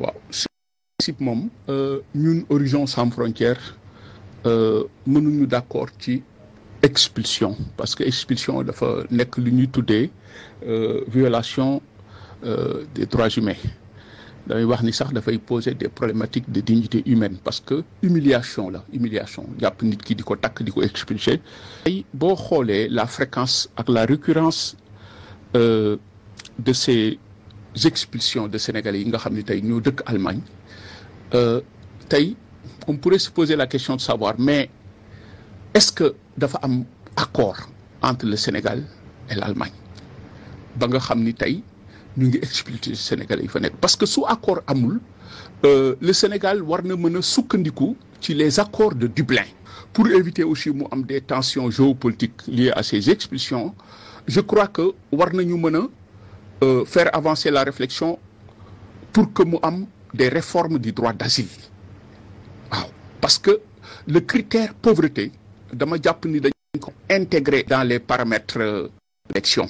waaw si principe moom euh, ñun Horizon sans frontières euh, mënuñu d'accord ci expulsion parce que expulsion dafa nekk lu ñuy tuddee euh, violation des droits humains damay wax ni sax dafay poser des problématiques de dignité humaine parce que humiliation la humiliation jàpp nit ki di ko takk di ko expulser boo xoolee la fréquence ak la récurrence de ces expulsions de Sénégalais yi nga xam ne tey ñoo dëkk Allemagne euh, tey on pourrait se poser la question de savoir mais est-ce que dafa am accord entre le Sénégal et l'Allemagne ba nga xam ni tey ñu ngi expulser Sénégalais yi fa nekk parce que su accord amul euh, le Sénégal war na mën a sukkandiku ci les accords de Dublin pour éviter aussi mu am des tensions géopolitiques liées à ces expulsions je crois que war nañu mën a euh, faire avancer la réflexion pour que mu am des réformes du droit d'asile waaw parce que le critère pauvreté dama jàpp ni dañ ko intégrer dans les paramètres euh, d'élection